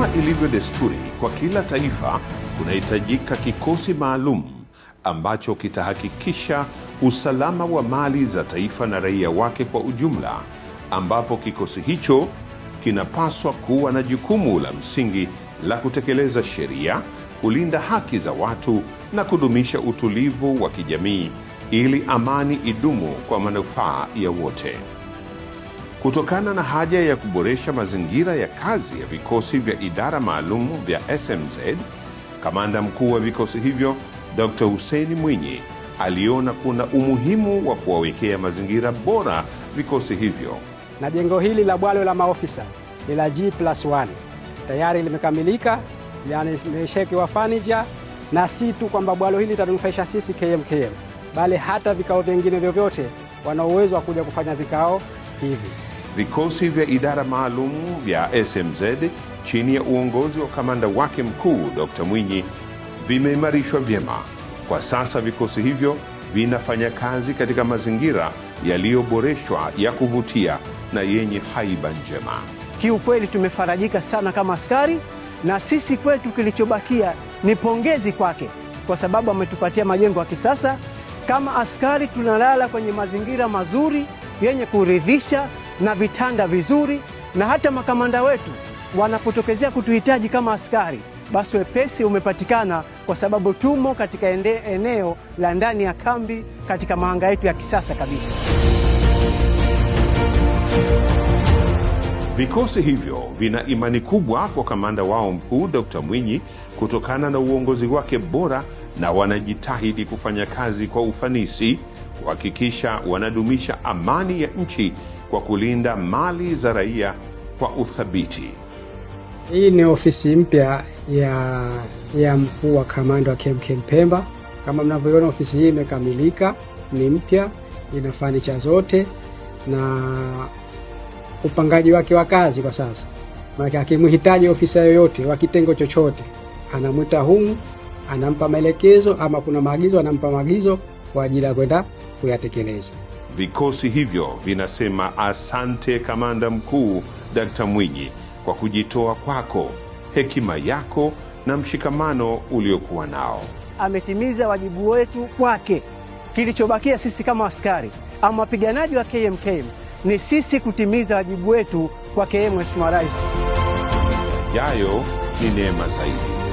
Kama ilivyo desturi kwa kila taifa, kunahitajika kikosi maalum ambacho kitahakikisha usalama wa mali za taifa na raia wake kwa ujumla, ambapo kikosi hicho kinapaswa kuwa na jukumu la msingi la kutekeleza sheria, kulinda haki za watu na kudumisha utulivu wa kijamii ili amani idumu kwa manufaa ya wote kutokana na haja ya kuboresha mazingira ya kazi ya vikosi vya idara maalum vya SMZ. Kamanda mkuu wa vikosi hivyo Dr. huseini Mwinyi aliona kuna umuhimu wa kuwawekea mazingira bora vikosi hivyo. Na jengo hili la bwalo la maofisa ni la G+1 tayari limekamilika, yani imeshawekewa fanija na si tu kwamba bwalo hili litanufaisha sisi KMKM, bali hata vikao vingine vyovyote wana uwezo wa kuja kufanya vikao hivi. Vikosi vya idara maalum vya SMZ chini ya uongozi wa kamanda wake mkuu Dr. Mwinyi vimeimarishwa vyema. Kwa sasa vikosi hivyo vinafanya kazi katika mazingira yaliyoboreshwa ya kuvutia na yenye haiba njema. Kiukweli tumefarajika sana kama askari, na sisi kwetu kilichobakia ni pongezi kwake, kwa sababu ametupatia majengo ya kisasa. Kama askari tunalala kwenye mazingira mazuri yenye kuridhisha na vitanda vizuri, na hata makamanda wetu wanapotokezea kutuhitaji kama askari, basi wepesi umepatikana kwa sababu tumo katika ende, eneo la ndani ya kambi katika mahanga yetu ya kisasa kabisa. Vikosi hivyo vina imani kubwa kwa kamanda wao mkuu Dr. Mwinyi kutokana na uongozi wake bora na wanajitahidi kufanya kazi kwa ufanisi kuhakikisha wanadumisha amani ya nchi kwa kulinda mali za raia kwa uthabiti. Hii ni ofisi mpya ya, ya mkuu wa kamanda wa KMKM Pemba. Kama mnavyoona ofisi hii imekamilika, ni mpya, ina fanicha zote na upangaji wake wa kazi kwa sasa, maanake akimhitaji ofisa yoyote wa kitengo chochote anamwita humu, anampa maelekezo ama kuna maagizo, anampa maagizo kwa ajili ya kwenda kuyatekeleza. Vikosi hivyo vinasema asante Kamanda Mkuu Dkt. Mwinyi kwa kujitoa kwako, hekima yako na mshikamano uliokuwa nao. Ametimiza wajibu wetu kwake. Kilichobakia sisi kama askari ama wapiganaji wa KMKM ni sisi kutimiza wajibu wetu kwake yeye, Mheshimiwa Rais. Yayo ni neema zaidi.